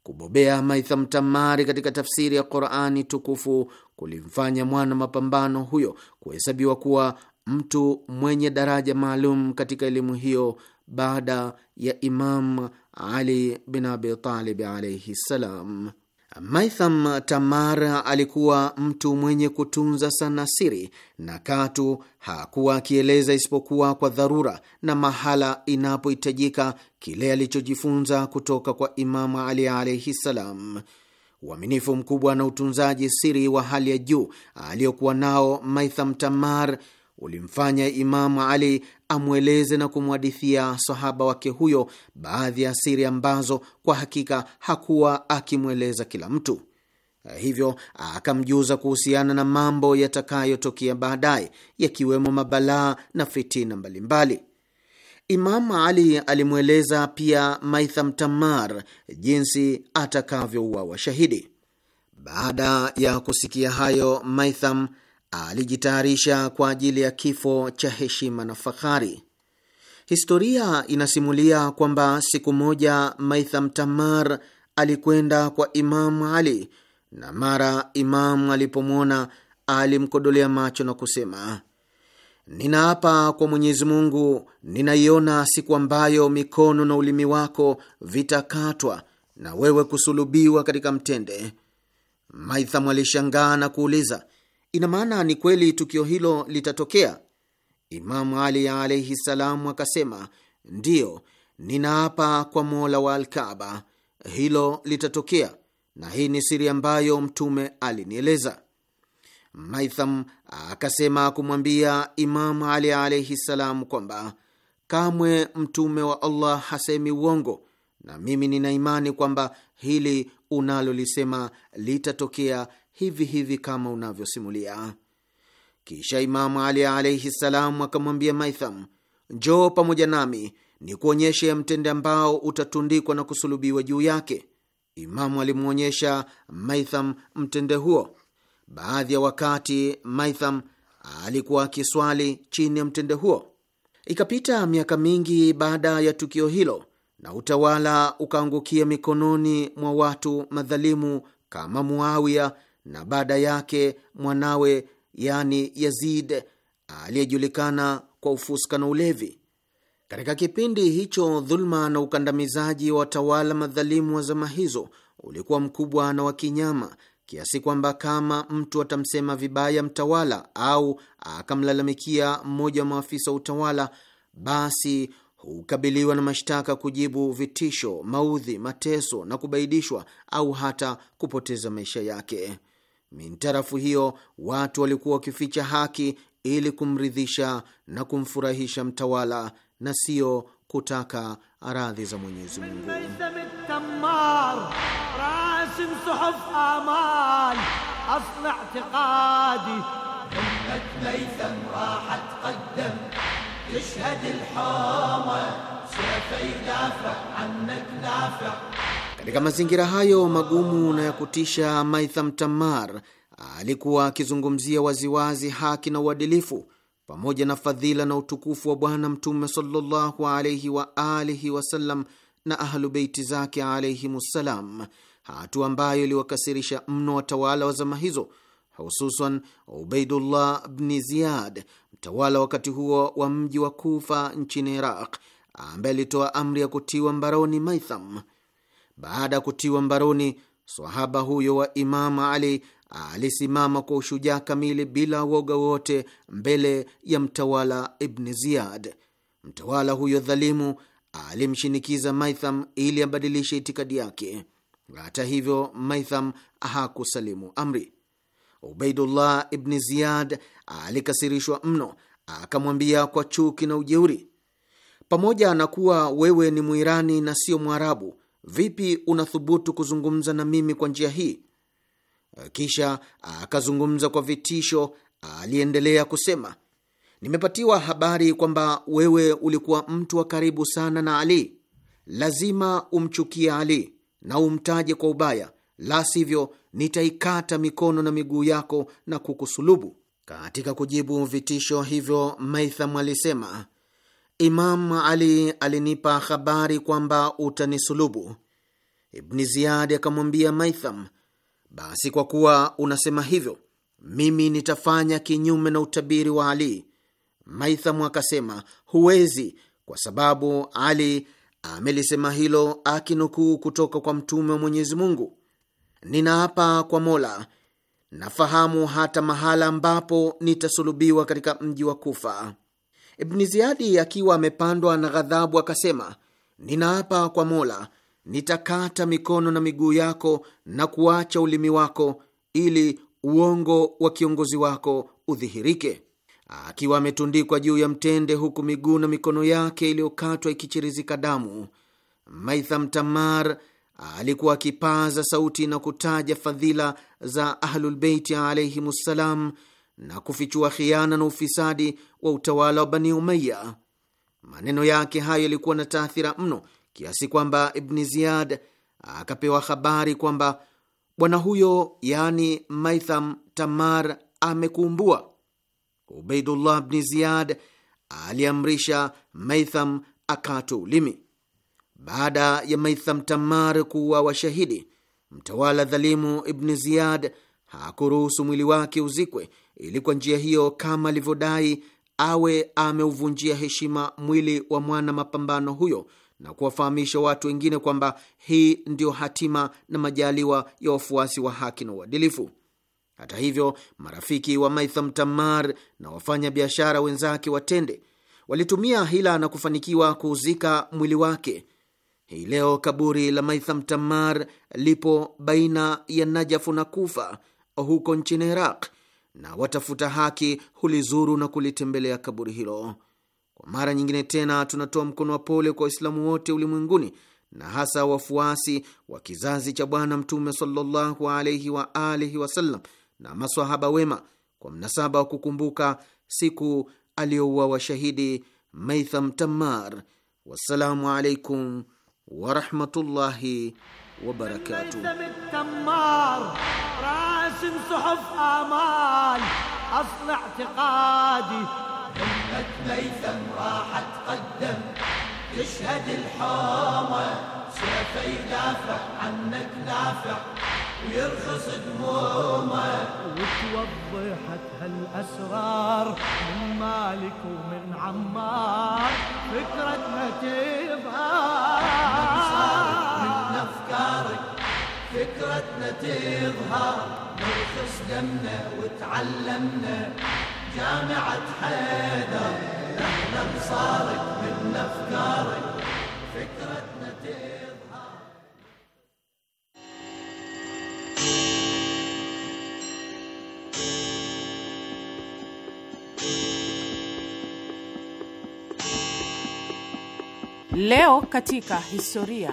Kubobea Maitham Tamari katika tafsiri ya Qurani tukufu kulimfanya mwana mapambano huyo kuhesabiwa kuwa mtu mwenye daraja maalum katika elimu hiyo baada ya Imam ali bin Abi Talib alaihi ssalam. Maitham Tamar alikuwa mtu mwenye kutunza sana siri na katu hakuwa akieleza isipokuwa kwa dharura na mahala inapohitajika kile alichojifunza kutoka kwa Imamu Ali alaihi ssalam. Uaminifu mkubwa na utunzaji siri wa hali ya juu aliyokuwa nao Maitham Tamar ulimfanya Imamu Ali amweleze na kumwadithia sahaba wake huyo baadhi ya siri ambazo kwa hakika hakuwa akimweleza kila mtu. Hivyo akamjuza kuhusiana na mambo yatakayotokea baadaye, yakiwemo mabalaa na fitina mbalimbali. Imamu Ali alimweleza pia Maitham Tamar jinsi atakavyouawa shahidi. Baada ya kusikia hayo Maitham alijitayarisha kwa ajili ya kifo cha heshima na fahari. Historia inasimulia kwamba siku moja Maitham Tamar alikwenda kwa Imamu Ali na mara Imamu alipomwona alimkodolea macho na kusema, ninaapa kwa Mwenyezi Mungu, ninaiona siku ambayo mikono na ulimi wako vitakatwa na wewe kusulubiwa katika mtende. Maitham alishangaa na kuuliza ina maana ni kweli tukio hilo litatokea? Imamu Ali alaihi salamu akasema, ndiyo, ninaapa kwa mola wa Alkaba, hilo litatokea, na hii ni siri ambayo Mtume alinieleza. Maitham akasema kumwambia Imamu Ali alaihi salamu kwamba kamwe Mtume wa Allah hasemi uongo, na mimi nina imani kwamba hili unalolisema litatokea hivi hivi kama unavyosimulia. Kisha Imamu Ali alaihi ssalam akamwambia Maitham, njoo pamoja nami ni kuonyeshe mtende ambao utatundikwa na kusulubiwa juu yake. Imamu alimwonyesha Maitham mtende huo. Baadhi ya wakati Maitham alikuwa akiswali chini ya mtende huo. Ikapita miaka mingi baada ya tukio hilo, na utawala ukaangukia mikononi mwa watu madhalimu kama Muawiya na baada yake mwanawe yani Yazid aliyejulikana kwa ufuska na ulevi. Katika kipindi hicho, dhuluma na ukandamizaji wa watawala madhalimu wa zama hizo ulikuwa mkubwa na wa kinyama kiasi kwamba kama mtu atamsema vibaya mtawala au akamlalamikia mmoja wa maafisa wa utawala, basi hukabiliwa na mashtaka, kujibu vitisho, maudhi, mateso na kubaidishwa au hata kupoteza maisha yake. Mintarafu hiyo watu walikuwa wakificha haki ili kumridhisha na kumfurahisha mtawala na sio kutaka radhi za Mwenyezi Mungu. Katika mazingira hayo magumu na ya kutisha, Maitham Tamar alikuwa akizungumzia waziwazi haki na uadilifu pamoja na fadhila na utukufu wa Bwana Mtume sallallahu alaihi wa alihi wasallam na Ahlubeiti zake alaihimussalam, hatua ambayo iliwakasirisha mno watawala wa zama hizo, hususan Ubaidullah bni Ziyad, mtawala wakati huo wa mji wa Kufa nchini Iraq, ambaye alitoa amri ya kutiwa mbaroni Maitham. Baada ya kutiwa mbaroni, swahaba huyo wa Imamu Ali alisimama kwa ushujaa kamili bila woga wote mbele ya mtawala Ibni Ziyad. Mtawala huyo dhalimu alimshinikiza Maitham ili abadilishe itikadi yake. Hata hivyo, Maitham hakusalimu amri. Ubaidullah Ibni Ziyad alikasirishwa mno, akamwambia kwa chuki na ujeuri, pamoja na kuwa wewe ni Mwirani na sio Mwarabu, vipi unathubutu kuzungumza na mimi kwa njia hii? Kisha akazungumza kwa vitisho. Aliendelea kusema, nimepatiwa habari kwamba wewe ulikuwa mtu wa karibu sana na Ali. Lazima umchukie Ali na umtaje kwa ubaya, la sivyo nitaikata mikono na miguu yako na kukusulubu. Katika kujibu vitisho hivyo, Maitham alisema Imam Ali alinipa habari kwamba utanisulubu. Ibni Ziyadi akamwambia Maitham, basi kwa kuwa unasema hivyo, mimi nitafanya kinyume na utabiri wa Ali. Maitham akasema, huwezi, kwa sababu Ali amelisema hilo akinukuu kutoka kwa Mtume wa Mwenyezi Mungu. Ninaapa kwa Mola, nafahamu hata mahala ambapo nitasulubiwa katika mji wa Kufa. Ibni Ziyadi akiwa amepandwa na ghadhabu akasema, ninaapa kwa Mola, nitakata mikono na miguu yako na kuacha ulimi wako ili uongo wa kiongozi wako udhihirike. Akiwa ametundikwa juu ya mtende, huku miguu na mikono yake iliyokatwa ikichirizika damu, Maitham Tamar alikuwa akipaza sauti na kutaja fadhila za Ahlulbeiti alaihimssalam na kufichua khiana na ufisadi wa utawala wa Bani Umayya. Maneno yake hayo yalikuwa na taathira mno kiasi kwamba Ibni Ziyad akapewa habari kwamba bwana huyo, yani Maitham Tamar, amekumbua. Ubaidullah Bni Ziyad aliamrisha Maitham akate ulimi. Baada ya Maitham Tamar kuwa washahidi, mtawala dhalimu Ibni Ziyad hakuruhusu mwili wake uzikwe ili kwa njia hiyo, kama alivyodai, awe ameuvunjia heshima mwili wa mwana mapambano huyo na kuwafahamisha watu wengine kwamba hii ndiyo hatima na majaliwa ya wafuasi wa haki na uadilifu. Hata hivyo, marafiki wa Maitham Tamar na wafanya biashara wenzake watende walitumia hila na kufanikiwa kuuzika mwili wake. Hii leo kaburi la Maitham Tamar lipo baina ya Najafu na Kufa huko nchini Iraq na watafuta haki hulizuru na kulitembelea kaburi hilo. Kwa mara nyingine tena, tunatoa mkono wa pole kwa Waislamu wote ulimwenguni na hasa wafuasi wa kizazi cha Bwana Mtume sallallahu alaihi wa alihi wasallam na maswahaba wema kwa mnasaba wa kukumbuka siku aliyoua washahidi Maitham Tammar. Wassalamu alaikum warahmatullahi وبركاته من التمار راسم صحف آمال أصل اعتقادي أمة ميثم راح تقدم تشهد الحومة سيفي دافع عنك دافع ويرخص دمومه وتوضحت هالاسرار من مالك ومن عمار فكرتها تبهار فكرتنا تظهر نرخص دمنا وتعلمنا جامعة حيدر نحن بصارك من أفكارك فكرتنا تظهر ليو katika هيستوريا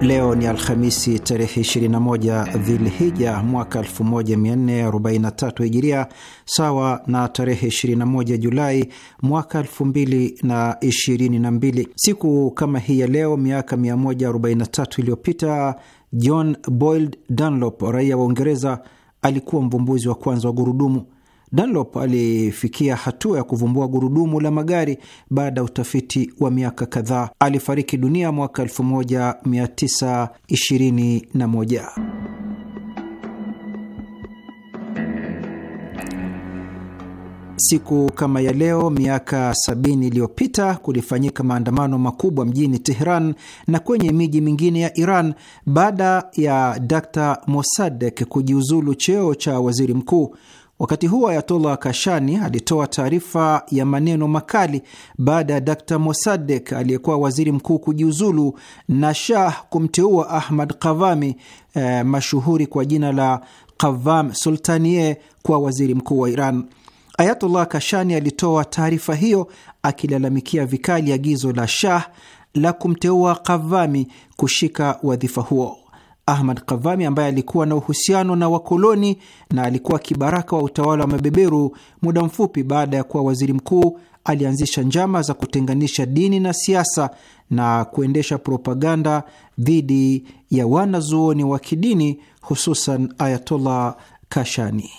Leo ni Alhamisi tarehe 21 Dhilhija mwaka 1443 Hijiria, sawa na tarehe 21 Julai mwaka 2022. Siku kama hii ya leo miaka 143 iliyopita, John Boyd Dunlop, raia wa Uingereza, alikuwa mvumbuzi wa kwanza wa gurudumu. Dunlop alifikia hatua ya kuvumbua gurudumu la magari baada ya utafiti wa miaka kadhaa. Alifariki dunia mwaka 1921. Siku kama ya leo miaka sabini iliyopita kulifanyika maandamano makubwa mjini Tehran na kwenye miji mingine ya Iran baada ya Dr Mosadek kujiuzulu cheo cha waziri mkuu. Wakati huo Ayatollah Kashani alitoa taarifa ya maneno makali baada ya Dr Mosadek aliyekuwa waziri mkuu kujiuzulu na Shah kumteua Ahmad Kavami eh, mashuhuri kwa jina la Kavam Sultanie kuwa waziri mkuu wa Iran. Ayatollah Kashani alitoa taarifa hiyo akilalamikia vikali agizo la Shah la kumteua Kavami kushika wadhifa huo. Ahmad Kavami ambaye alikuwa na uhusiano na wakoloni na alikuwa kibaraka wa utawala wa mabeberu, muda mfupi baada ya kuwa waziri mkuu alianzisha njama za kutenganisha dini na siasa na kuendesha propaganda dhidi ya wanazuoni wa kidini, hususan Ayatollah Kashani.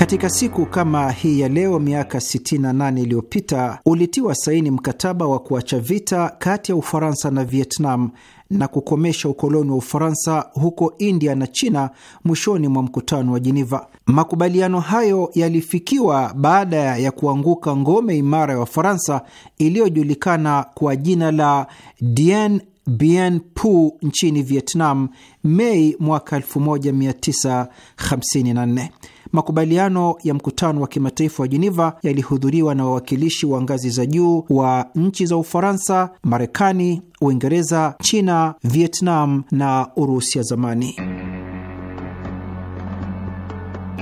Katika siku kama hii ya leo miaka 68 iliyopita ulitiwa saini mkataba wa kuacha vita kati ya Ufaransa na Vietnam na kukomesha ukoloni wa Ufaransa huko India na China mwishoni mwa mkutano wa Jeniva. Makubaliano hayo yalifikiwa baada ya kuanguka ngome imara ya Wafaransa iliyojulikana kwa jina la Dien Bien Phu nchini Vietnam Mei mwaka 1954. Makubaliano ya mkutano wa kimataifa wa Jeneva yalihudhuriwa na wawakilishi wa ngazi za juu wa nchi za Ufaransa, Marekani, Uingereza, China, Vietnam na Urusi ya zamani.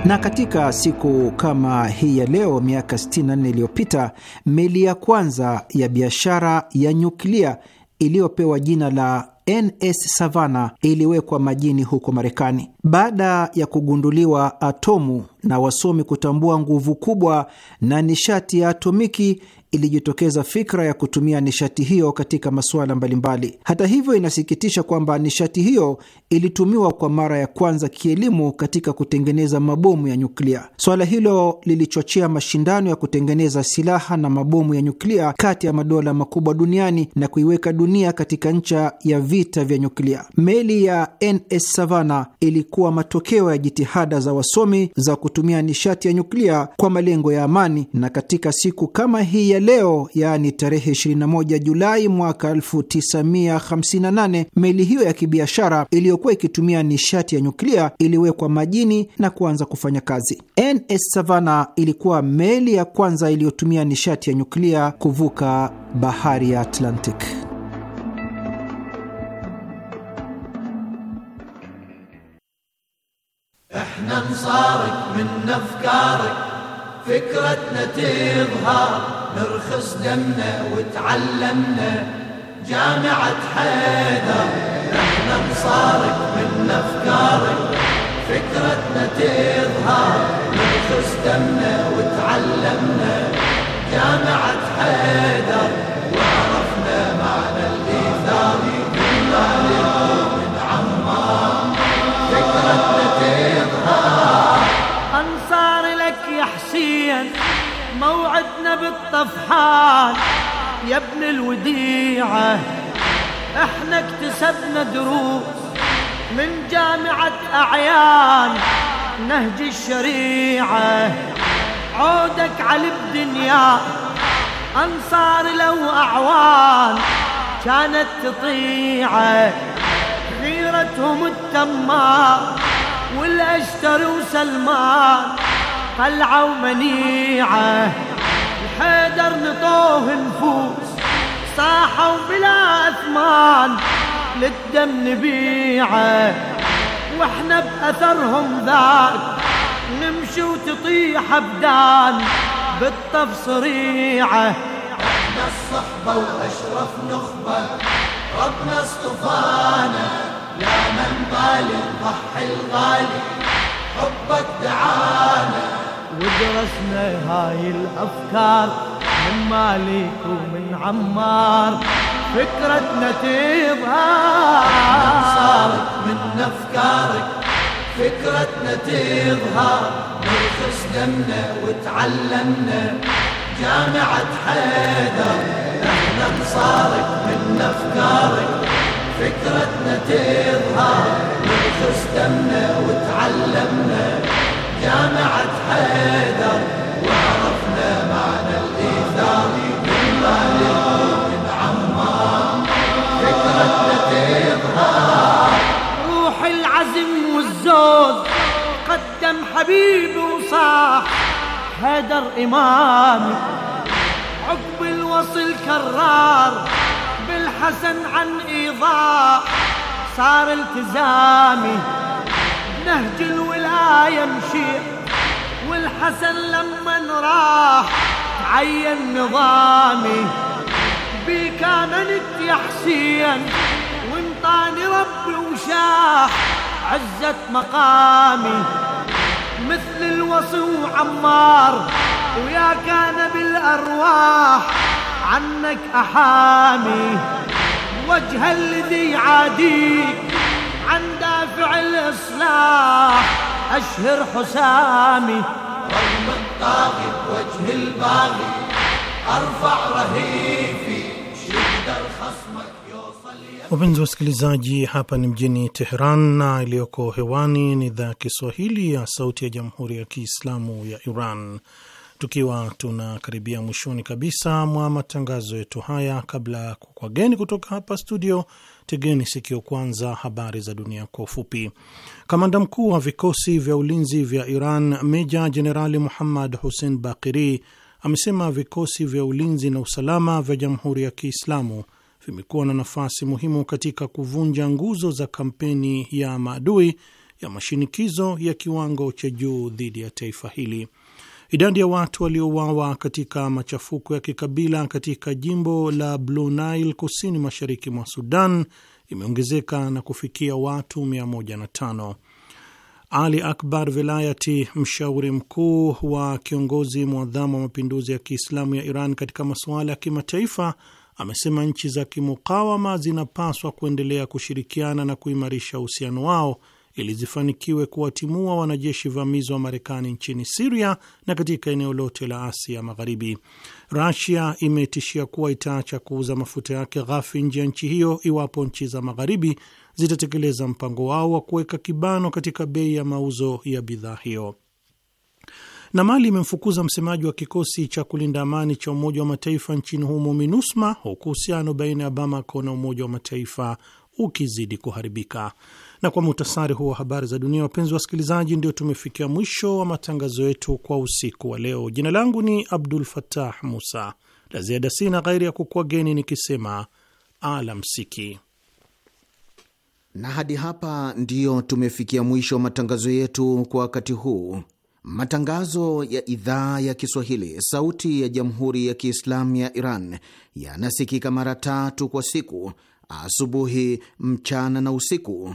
Na katika siku kama hii ya leo miaka 64 iliyopita meli ya kwanza ya biashara ya nyuklia iliyopewa jina la NS Savannah iliwekwa majini huko Marekani baada ya kugunduliwa atomu na wasomi kutambua nguvu kubwa na nishati ya atomiki ilijitokeza fikra ya kutumia nishati hiyo katika masuala mbalimbali. Hata hivyo, inasikitisha kwamba nishati hiyo ilitumiwa kwa mara ya kwanza kielimu katika kutengeneza mabomu ya nyuklia. Suala hilo lilichochea mashindano ya kutengeneza silaha na mabomu ya nyuklia kati ya madola makubwa duniani na kuiweka dunia katika ncha ya vita vya nyuklia. Meli ya NS Savannah ilikuwa matokeo ya jitihada za wasomi za kutumia nishati ya nyuklia kwa malengo ya amani, na katika siku kama hii ya leo, yaani tarehe 21 Julai mwaka 1958, meli hiyo ya kibiashara iliyokuwa ikitumia nishati ya nyuklia iliwekwa majini na kuanza kufanya kazi. NS Savannah ilikuwa meli ya kwanza iliyotumia nishati ya nyuklia kuvuka bahari ya Atlantic. فكرتنا تظهر نرخص دمنا وتعلمنا جامعة حيدر احنا نصارك من افكارك فكرتنا تظهر نرخص دمنا وتعلمنا جامعة حيدر وعدنا بالطفحان يا ابن الوديعة احنا اكتسبنا دروس من جامعة أعيان نهج الشريعة عودك على الدنيا أنصار لو أعوان كانت تطيعه غيرتهم التماء والأشتر وسلمان قلعة ومنيعه حيدر نطوه نفوس صاحوا بلا اثمان للدم نبيعه واحنا باثرهم ذاك نمشي وتطيح ابدان بالطف صريعه احنا الصحبه واشرف نخبه ربنا اصطفانا يا من غالي الضحي الغالي حبك دعانا ودرسنا هاي الافكار من مالك ومن عمار فكرتنا تظهر صارت من افكارك فكرتنا تظهر نرخص دمنا وتعلمنا جامعة حيدر احنا انصارك من افكارك فكرتنا تظهر نرخص دمنا وتعلمنا جامعة حيدر وعرفنا معنى الإيثار من خالد بن عمار فكرتنا تظهر روح العزم والزود قدم حبيبه وصاح هدر إمامي عقب الوصل كرار بالحسن عن إيضاح صار التزامي نهج الولاية مشي والحسن لما راح عين نظامي بي امنت يا حسين وانطاني ربي وشاح عزة مقامي مثل الوصي وعمار ويا كان بالأرواح عنك أحامي وجه الذي يعاديك عند الاصلاح اشهر حسامي رغم الطاغي بوجه الباغي ارفع رهيفي شد الخصمك Wapenzi wasikilizaji, hapa ni mjini Teheran na iliyoko hewani ni idhaa ya Kiswahili ya Sauti ya Jamhuri ya Kiislamu ya Iran, tukiwa tunakaribia mwishoni kabisa mwa matangazo yetu haya. Kabla ya kukwageni kutoka hapa studio, Tegeni sikio kwanza habari za dunia kwa ufupi. Kamanda mkuu wa vikosi vya ulinzi vya Iran meja jenerali Muhammad Hussein Bakiri amesema vikosi vya ulinzi na usalama vya Jamhuri ya Kiislamu vimekuwa na nafasi muhimu katika kuvunja nguzo za kampeni ya maadui ya mashinikizo ya kiwango cha juu dhidi ya taifa hili. Idadi ya watu waliouawa katika machafuko ya kikabila katika jimbo la Blue Nile kusini mashariki mwa Sudan imeongezeka na kufikia watu 105. Ali Akbar Velayati, mshauri mkuu wa kiongozi mwadhamu wa mapinduzi ya Kiislamu ya Iran katika masuala ya kimataifa, amesema nchi za kimukawama zinapaswa kuendelea kushirikiana na kuimarisha uhusiano wao ili zifanikiwe kuwatimua wanajeshi vamizi wa Marekani nchini Siria na katika eneo lote la Asia Magharibi. Rasia imetishia kuwa itaacha kuuza mafuta yake ghafi nje ya nchi hiyo iwapo nchi za Magharibi zitatekeleza mpango wao wa kuweka kibano katika bei ya mauzo ya bidhaa hiyo. Na Mali imemfukuza msemaji wa kikosi cha kulinda amani cha Umoja wa Mataifa nchini humo MINUSMA, huku uhusiano baina ya Bamako na Umoja wa Mataifa ukizidi kuharibika. Na kwa muhtasari huo wa habari za dunia, wapenzi wasikilizaji, ndio tumefikia mwisho wa matangazo yetu kwa usiku wa leo. Jina langu ni Abdul fatah Musa. La ziada sina ghairi ya kukuageni nikisema alamsiki na hadi hapa ndiyo tumefikia mwisho wa matangazo yetu kwa wakati huu. Matangazo ya idhaa ya Kiswahili, sauti ya jamhuri ya kiislamu ya Iran yanasikika mara tatu kwa siku: asubuhi, mchana na usiku.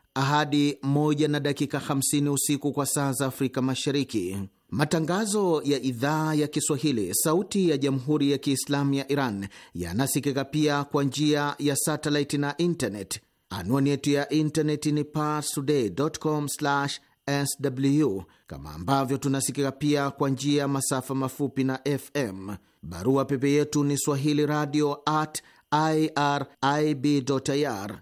ahadi moja na dakika 50 usiku kwa saa za Afrika Mashariki. Matangazo ya idhaa ya Kiswahili sauti ya Jamhuri ya Kiislamu ya Iran yanasikika pia kwa njia ya satellite na internet. Anwani yetu ya internet ni parstoday.com/sw, kama ambavyo tunasikika pia kwa njia ya masafa mafupi na FM. Barua pepe yetu ni swahili radio at irib.ir